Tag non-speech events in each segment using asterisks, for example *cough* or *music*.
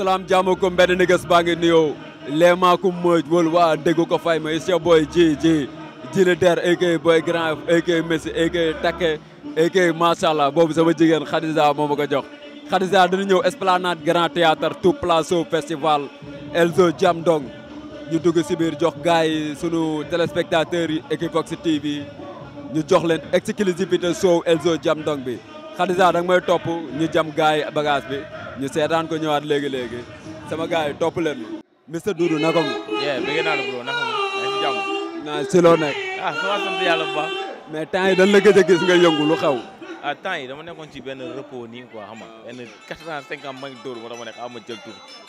salaam jaamu ko mbedd niggas baa ngi nuyoo leemaa ku mëj wël waa déggu ko fay ma isa booy ji ji jili der aka boy grand aka messi aka takke aka masàllah boobu sama jigéen Khadija moo ma ko jox Khadija dina ñëw esplanade grand théâtre tout plateau festival Elzo Jam Dong ñu dugg si biir jox gars yi sunu téléspectateurs yi Equivox TV ñu jox leen exclusivité show Elzo Jam Dong bi Khadija da nga topp ñu jam gars yi bi ñu seetaan ko ñëwaat léegi-léegi sama gars yi topp leen Mister Doudou naka mu yeah bëgg naa la bro naka mu nekk jàmm naa si loo nekk ah sama sant yàlla bu baax mais temps yi dañ la gëj a gis nga yëngu lu xew ah temps yi dama nekkoon ci benn repos nii quoi xam nga benn quatre ans cinq ans ma ngi ah, ma dama nekk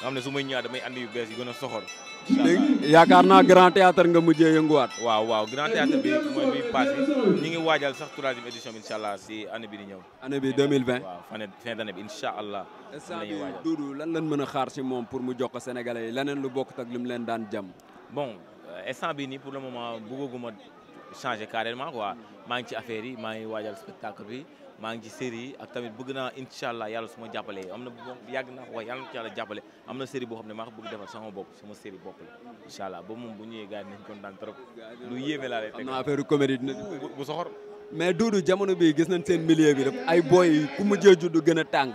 xam ne su may ñëwaat damay andi yu bees yi gën a soxor dégg yaakaar naa grand théâtre nga mujjee yënguwaat waaw waaw grand théâtre bi mooy bi passé ñi ngi waajal sax troisième édition bi incha allah si année bi di ñëw année bi 2020 waaw fan fin d'année bi incha allah instant bi Doudou lan lan mën a xaar si moom pour mu jox ko sénégalais yi leneen lu bokk ak li mu leen daan jam bon euh, instant bi ni pour le moment bëggaguma changer carrément quoi maa ngi ci affaire yi maa ngi waajal spectacle bi maa ngi ci série yi ak tamit bëgg naa incha allah yàlla su ma jàppalee am na yàgg naa ko wax yàlla na ci yàlla jàppale am na série boo xam ne maa ko bëgg defal sama bopp sama série bopp la incha allah ba moom bu ñëwee gars yi nañ kontaan lu yéeme laa lay teg na affaire comédie bu soxor mais Doudou jamono bi gis nañ seen milieu bi def ay booy yi ku mujjee juddu gën a tàng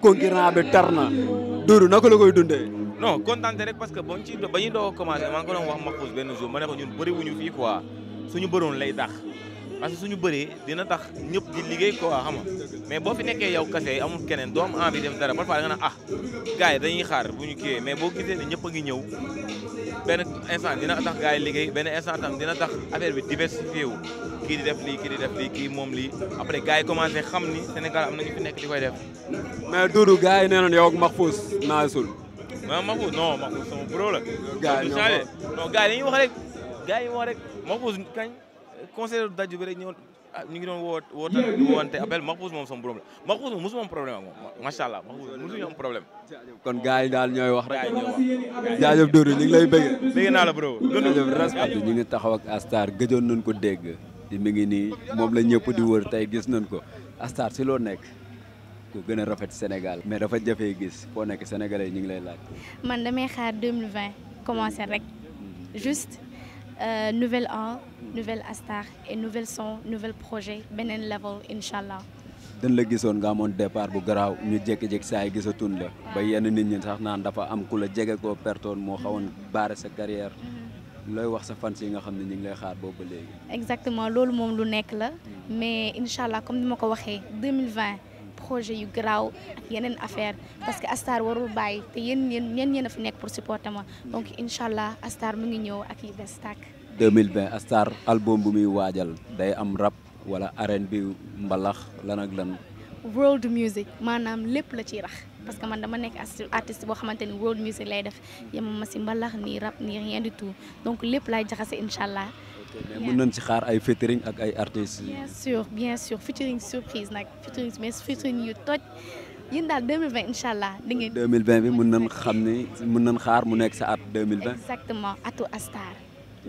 concurrent bi tar na Doudou naka la koy dundee non kontaan rek parce que bañ ci ba ñuy doo commencé maa ngi ko doon wax Makhouss benn jour ma ne ko ñun bëri wuñu fii quoi lay dax parce que suñu bëree dina tax ñëpp di liggéey ko waa xam nga mais boo fi nekkee yow kase amul keneen doo am envie dem dara parfois da nga naan ah gars dañuy xaar bu ñu kiiwee mais boo gisee ne ñëpp a ñëw benn instant dina tax gars liggéey benn instant tam dina tax affaire bi diversifié wu kii di def lii kii di def lii kii moom lii après gars yi commencé xam ni Sénégal am na ñu fi nekk di koy def. mais Doudou gars yi nee nañu yow ak Mahfouz naasul. ma Mahfouz non Mahfouz sama bro la. gars yi ñoo non conseil daju bi rek ñëw ah, ñu ngi doon woo woote woowante appel Maxfuus moom sama borom la Maxfuus moom soo am problème ak moom macha allah Maxfuus problème. kon gars yi daal ñooy wax rek. jaajëf Dodo ñu ngi lay bëgg. bëgg naa la bro. jaajëf respect ñu ngi taxaw ak Astar gëjoon nañ ko dégg. di mi ngi nii moom la ñëpp di wër tey gis nañ ko Astar si loo nekk. ku gën a rafet Sénégal. mais dafa jafee gis foo nekk sénégalais ñu ngi lay laaj. man damay xaar 2020 commencé rek Euh, nouvel an nouvel Astar et nouvel son nouvel projet beneen level incha allah. dañ la gisoon nga amoon départ bu garaaw ñu jékki-jékki saa yi gisatun la. ba yenn nit ñi sax naan dafa am ku la jege ko pertoon moo xawoon mm-hmm. baare sa carrière. Mm-hmm. looy wax sa fans yi nga xam ne ñi ngi lay xaar boobu léegi. exactement loolu moom lu nekk la. Mm-hmm. mais incha allah comme ni ma ko waxee 2020. projet yu garaaw ak yeneen affaire parce que Astar warul bàyyi te yéen yéen ñeen a fi nekk pour supporter ma donc incha allah Astar mu ngi ñëw ak yi bees tàkk 2020 Astar album bu muy waajal day am rap wala bi mbalax lan ak lan world music maanaam lépp la ciy rax parce que man dama nekk artiste boo xamante ni world music lay def yemam ma si mbalax nii rap nii rien du tout donc lépp laay jaxase incha allah mais mën nañ ci xaar ay featuring ak ay artistes. bien sûr bien sûr featuring yu toj yéen daal 2020 incha allah. bi mën nañ xam ni mën nañ xaar mu nekk sa at 2020. exactement atu Astar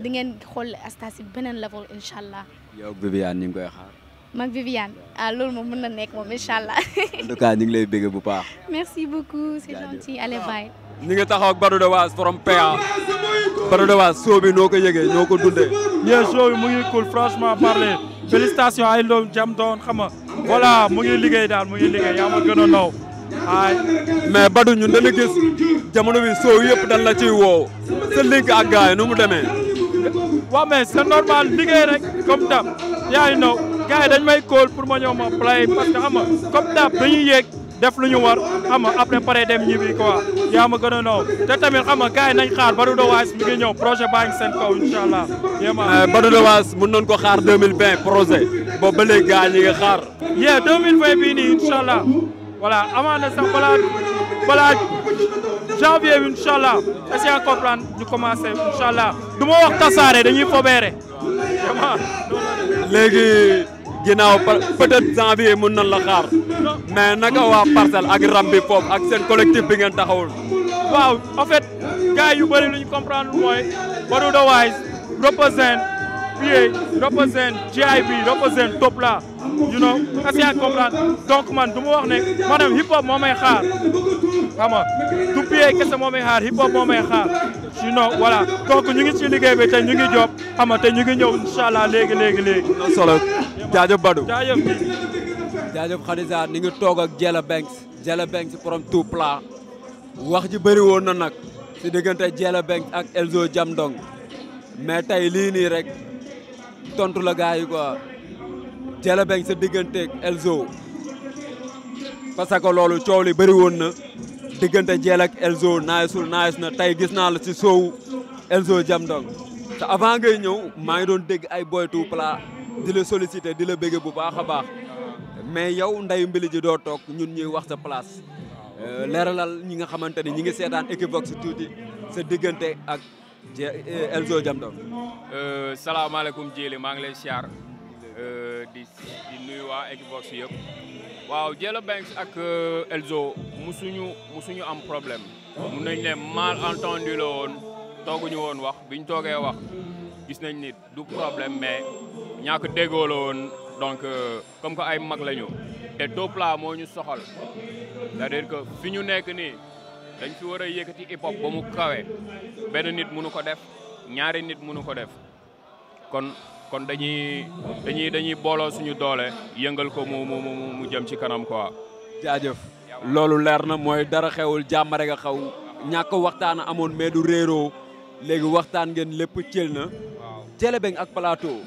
di ngeen xool Astar si beneen level incha allah. yow ak Viviane ñu ngi koy xaar. mag Viviane ah loolu moom mën na nekk moom incha allah. en tout cas ñu lay bëgg bu baax. *laughs* merci beaucoup ñi ngi taxaw ak de Waas from PA Badou de Waas show bi noo ko yëgee noo ko dundee. bien show bi mu ngi cool franchement parler félicitations ay ndoom jam doon xam nga mu ngi liggéey daal mu ngi liggéey yaa ma gën a ndaw ay mais Badou ñun dañu gis jamono bi show yëpp dañ la ciy woow sa link a gars nu mu demee. waaw mais c'est normal liggéey rek comme dab yaa ngi naw gars yi dañ may call pour ma ñëw ma play parce que xam nga comme dab yéeg def lu ñu war. xam nga après pare dem ñibbi quoi yaa ma gën a noo te tamit xam nga gars yi nañ xaar Badou Dowaas mi ngi ñëw projet baa ngi seen kaw incha allah. yéen euh, Badou Dowaas mën nañu ko xaar 2020 projet boobu ba léegi gars ñi xaar. yee 2020 bii nii incha allah voilà sax balaa balaa janvier bi incha allah essayer comprendre ñu commencé du ma wax tasaare dañuy fobeere. léegi. ginnaaw peut-être janvier mën nañ la xaar mais naka waa parcelle ak Rambi Pop ak seen collectif bi ngeen taxawul. waaw en fait gars yu bëri lu ñu comprendre mooy Badoda Wise represent PA represent GIB represent Topla you know est-ce que yaa comprendre donc man du ma wax ne maanaam hip hop moo xaar xam nga du PA kese moo may xaar hip hop moo may xaar you know voilà donc ñu ngi ci liggéey bi te ñu ngi job xam nga te ñu ngi ñëw incha allah léegi léegi léegi. jaajëf Badou jaajëf. jaajëf Khadija ni ngi toog ak Jella Banks Jella Banks from tout plat wax ji bëri woon na nag si diggante Jella Banks ak Elzo Jamdong mais tey lii nii rek tontu la gars yi quoi Jella Banks sa digganteeg Elzo parce que loolu coow li bëri woon na diggante Jella ak Elzo naayisul naayis na tey gis naa la si soow Elzo Jamdong te avant ngay ñëw maa ngi doon dégg ay boy tout plat di la sollicité di la bëgg bu baax a baax mais yow ndayu mbili doo toog ñun ñuy wax sa place euh, leeralal ñi nga xamante ni ñi ngi seetaan Equivox tuuti sa diggante ak euh, Elzo Jamdong euh, salaamaaleykum Jéli maa ngi lay siyaar di di nuyu waa Equivox waaw Jello Banks ak Elzo musuñu musuñu am problème mun nañ ne mal entendu la woon tooguñu woon wax biñ toogee wax gis nañ ni du problème mais ñàkk déggoo la woon donc euh, comme que ay mag lañu te taux moo ñu soxal c'est-à-dire fi ñu nekk nii dañ fi war a yëkkati hip hop ba mu kawe benn nit mënu ko def ñaari nit mënu ko def kon kon dañuy dañuy dañuy booloo suñu doole yëngal ko mu mu mu jëm ci kanam quoi. jaajëf loolu leer na mooy dara xewul jàmm rek a xaw ñàkk waxtaan amoon mais du réeroo léegi waxtaan ngeen lépp cël na. waaw Diéla Beng ak Plateau.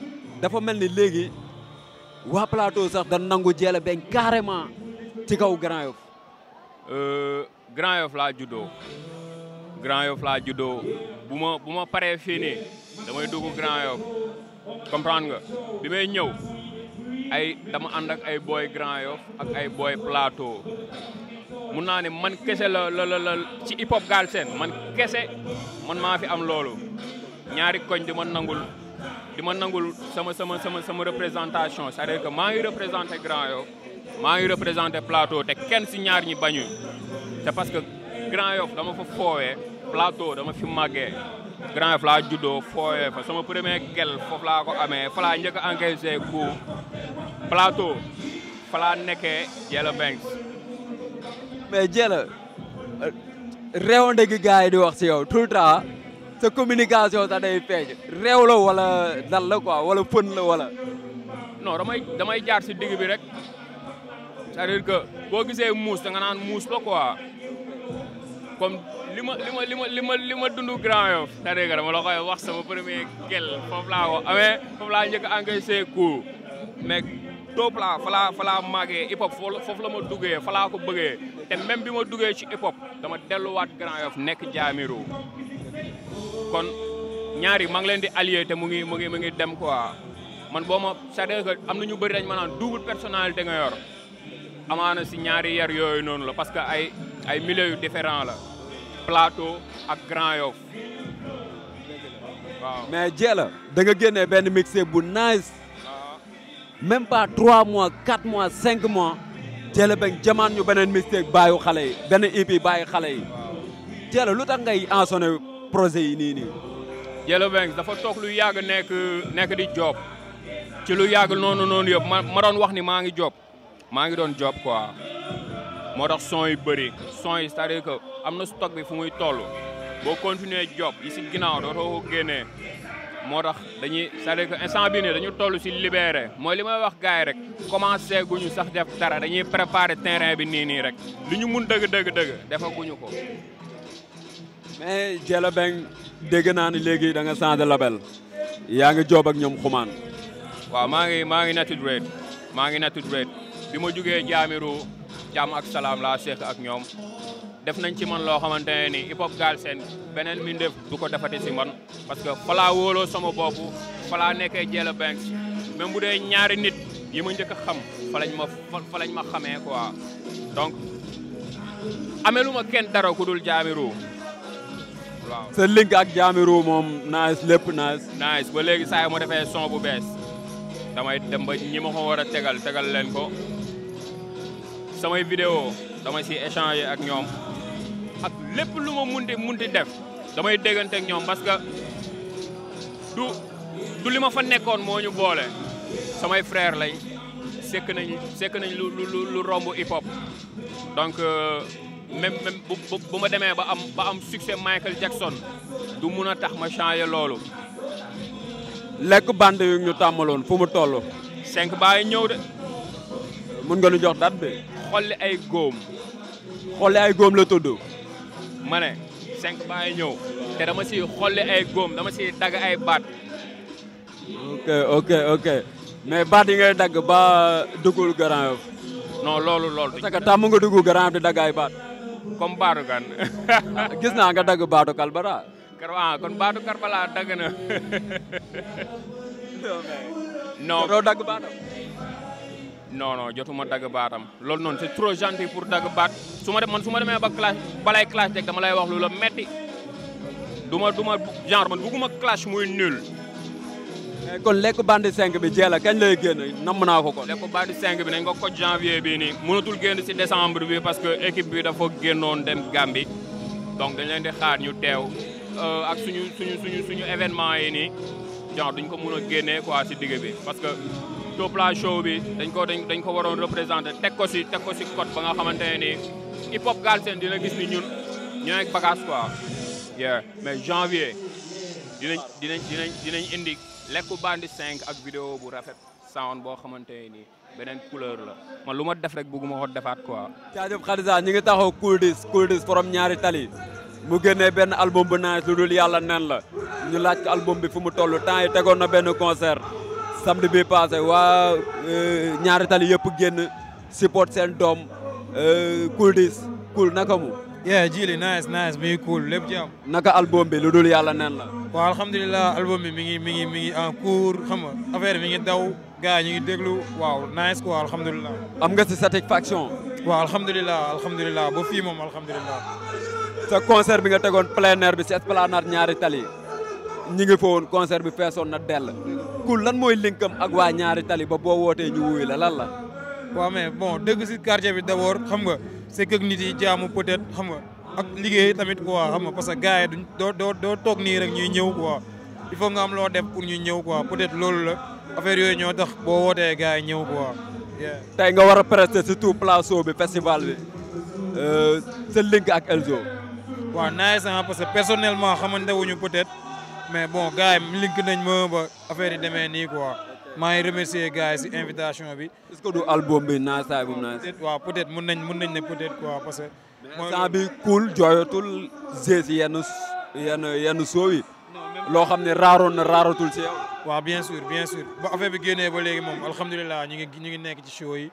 dafa mel ni léegi waa plateau sax da nangu jeele beñ carrément ci kaw Grand Yoff euh, Grand Yoff laa juddoo Grand Yoff laa juddoo bu ma bu ma paree fii nii damay dugg Grand Yoff comprendre nga bi may ñëw ay dama ànd ak ay booy Grand Yoff ak ay booy plateau mun naa ne man kese la la la ci hip hop Galsen man kese man maa fi am loolu ñaari koñ di ma nangul di ma nangul sama sama sama sama représentation cest à maa ngi représenté Grand Yoff maa ngi représenté Plateau te kenn si ñaar ñi bañuñ te parce que Grand Yoff dama fa foowee Plateau dama fi màggee Grand Yoff laa juddoo foowee fa sama premier gel foofu laa ko amee fa laa njëkk a encaissé ku Plateau fa laa nekkee Jella Banks mais Jella euh, réewande gi gars yi di wax si yoow tout le temps sa communication sax day feeñ réew la wala dal la quoi wala fën la wala non damay damay jaar si digg bi rek c'est-à-dire que boo gisee muus da nga naan muus la quoi comme li ma li ma li ma li ma li ma dund Grand Yoff c'est-à-dire la koy wax sama premier gel foofu laa ko amee foofu la fa laa fa laa màggee hip hop foofu la ma duggee fa laa ko bëggee te même bi ma duggee ci hip hop dama delluwaat Grand Yoff nekk jaamiru kon ñaari maa ngi leen di allier te mu ngi mu ngi mu ngi dem quoi man boo ma c'est-à-dire am na ñu bëri dañ ma naan double personnalité nga yor amaana si ñaari yar yooyu noonu la parce que ay ay milieux yu différents la plateau ak Grand Yoff waaw mais Dieyla da nga génnee benn mixé bu nice même pas 3 mois 4 mois cinq mois Dieyla Beng jamaan ñu beneen mixé bàyyi xale yi benn EP bàyyi xale yi Dieyla lu tax ngay ensonné projet yi nii nii. Jello Benz dafa toog lu yàgg nekk nekk di joob ci lu yàgg noonu noonu yëpp ma ma doon wax ni maa ngi job maa ngi doon job quoi moo tax son yu bëri son yi cest que am na stock bi fu muy toll boo continuer job yi si ginnaaw dootoo ko génnee moo tax dañuy c'est-à-dire que dañu toll si libéré mooy li may wax gars yi rek commencé guñu sax def dara dañuy préparer terrain bi nii nii rek lu ñu mun dëgg dëgg dëgg defaguñu ko. mais Jella Beng dégg naa ni léegi da nga changé label yaa ngi joob ak ñoom xumaan waaw maa ngi maa ngi natud red maa ngi natud bi ma jugee jaamiru jàmm ak salaam laa seq ak ñoom def nañ ci man loo xamante ne ni hip hop beneen mbindeef du ko defati si man parce que falaa wóoloo sama bopp falaa nekkee Jella Beng même bu dee ñaari nit yi ma njëkk a xam fa lañ ma fa lañ ma xamee quoi ma kenn dara ku dul jaamiru sa link ak Jahmerue moom nice lépp nice. nice ba léegi saa yi ma defee son bu bees damay dem ba ñi ma ko war a tegal tegal leen ko samay vidéo damay si échanger ak ñoom ak lépp lu ma munti munti def damay déggante ak ñoom parce que du du li ma fa nekkoon moo ñu boole samay frère lay sekk nañ sekk nañ lu lu lu même même bu bu ma demee ba am ba am succès Michael Jackson du mun a tax ma changé loolu. lekk bande yu ñu tàmmaloon fu mu toll. cinq baa yi ñëw de. mun nga nu jox date bi. xolli ay góom. xolli ay góom la tudd. ma ne cinq baa yi ñëw te dama si xolli ay góom dama si dagg ay baat. ok ok ok mais baat yu ngay dagg ba duggul Grand Yoff. loolu loolu. parce que tàmm nga dugg Grand Yoff di dagg ay baat. comme Baadu Kan. *laughs* gis naa nga dagg Baadu Kalbala. ah kon Baadu Kalbala dagg na. *laughs* non dagg baatam. non non jotuma dagg baatam loolu noon c'est trop gentil pour dagg baat su ma dem man su ma demee ba clash balay clash teg dama lay wax lu la metti duma duma genre man bugguma clash muy nul. mais eh, kon lekk bandi 5 bi jeela kañ lay génn namm naa ko kon. lekk bandi 5 bi nañ ko ko janvier bi nii mënatul génn si décembre bi parce que équipe bi dafa génnoon dem Gambie donc dañ leen di xaar ñu teew euh, ak suñu suñu suñu événement yi nii genre dañ ko mën a génnee quoi si digg bi parce que Dhofla show bi dañ ko dañ dañ ko waroon représenté teg ko si teg ko si code ba nga xamante ne nii hip hop Galsen dina gis ni ñun ñooy ak bagage quoi. yeah mais janvier dinañ dinañ dinañ dinañ indi. lekku bandi cinq ak vidéo bu rafet sound boo xamante ne nii beneen couleur la man lu ma def rek bëgguma ko defaat quoi. jaajëf Khadija ñu ngi taxaw Cool 10 Cool 10 ñaari tali mu génnee benn album bu naan lu dul yàlla nen la ñu laaj ko album bi fu mu toll temps yi tegoon na benn concert samedi bi passé waa euh, ñaari tali yëpp génn support seen doom euh, Cool 10 Cool naka mu. yeah jili nice nice muy cool lépp jàmm. naka album bi lu dul yàlla nen la. waaw alhamdulilah album mi ngi mi ngi mi en cours xam nga affaire mi ngi daw gars yi ñu ngi déglu waaw nice quoi alhamdulilah. am nga si satisfaction. waaw alhamdulilah alhamdulilah ba fii moom alhamdulilah. sa concert bi nga tegoon plein air bi si esplanade ñaari tali ñi ngi fa woon concert bi feesoon na dell. kul lan mooy linkam ak waa ñaari tali ba boo wootee ñu wuyu la lan la. waaw mais bon dëgg si quartier bi d'abord xam nga c'est que nit yi jaamu peut xam nga. ak liggéey tamit quoi xam nga parce que gars yi duñ doo doo doo toog nii rek ñuy ñëw quoi il faut nga am loo dem pour ñu ñëw quoi peut-être loolu la affaire yooyu ñoo tax boo wootee gars yi ñëw quoi. te nga war a prester surtout plateau bi festival bi euh, sa link ak Elzo. waa naaj sax parce que personnellement xamante wuñu peut-être mais bon gars yi link nañ ma ba affaire yi demee nii quoi. maa ngi remercier gars si invitation bi. est-ce que du album bi naa saay bu naaj. waaw peut-être nañ mën nañ ne peut-être sant bi kuul jooyatul g si yenn yenn yenn soow yi loo xam ne raaroon na raaratul si yow waaw bien sûr bien sûr ba bi génnee ba léegi moom alhamdulilah ñu ngi ñu ngi nekk ci show yi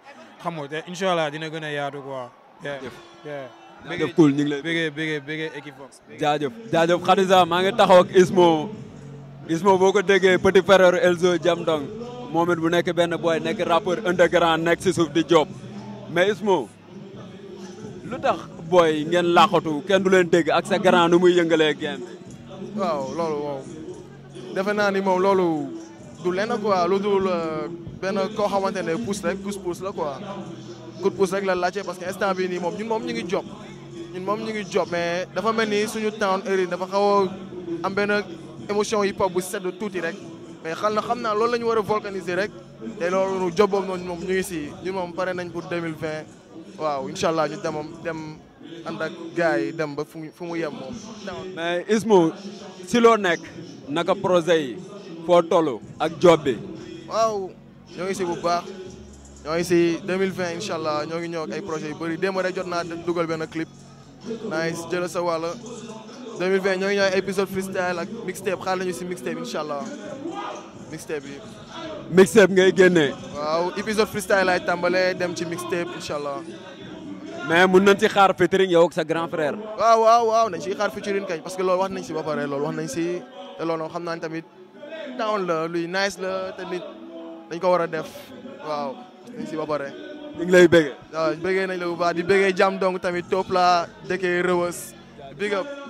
xam nga te incha allah dina gën a yaatu quoi jëf jaajëf ñu ngi lay bégee bégee bégee Equivox jaajëf jaajëf Khadija maa ngi taxaw ak Ismo Ismo boo ko déggee petit frère Elzo Jamdong moom it bu nekk benn boy nekk rappeur underground nekk si suuf di job mais Ismo lu tax booy ngeen làqatu kenn du leen dégg ak sa grand muy yëngalee game bi. waaw loolu wow defe naa ni moom loolu du lenn quoi lu dul euh, benn koo xamante ne pousse rek pousse pousse la quoi coup de pousse rek la laajte parce que instant bii nii moom ñun moom ñu ngi job ñun moom ñu ngi job mais mel ni suñu town area dafa xaw a benn émotion hip hop sedd tuuti rek mais xal na xam naa loolu la ñu war a vulcaniser rek loolu job boobu noonu moom ñu ngi ñun moom pare nañ pour 2020 waaw incha allah ñu demam dem ànd ak gars yi dem ba fu mu fu mu yem moom. mais Ismu si loo nekk naka projet yi foo toll ak job bi. waaw ñoo ngi si bu baax ñoo ngi si 2020 incha allah ñoo ngi ñëw ay projet yu bëri démb rek jot naa dugal benn clip nice jëla sa wàll 2020 ñoo ngi ñëw ay épisode freestyle ak mixtape xaar lañu si mixtape incha allah mixtape yi. mixtape ngay génne waaw épisode freestyle laay tàmbalee dem ci mixtape incha allah. mais mun nañ si xaar featuring yow ak sa grand frère. waaw waaw waaw nañ si xaar featuring kay parce que loolu wax nañ si ba pare loolu wax nañ si te loolu xam naa tamit down la luy nice la tamit nit dañ ko war a def waaw wax si ba pare. ñu lay bëggee. waaw bëggee nañ la bu baax di bëggee jàmm donc tamit topp laa dëkkee big up.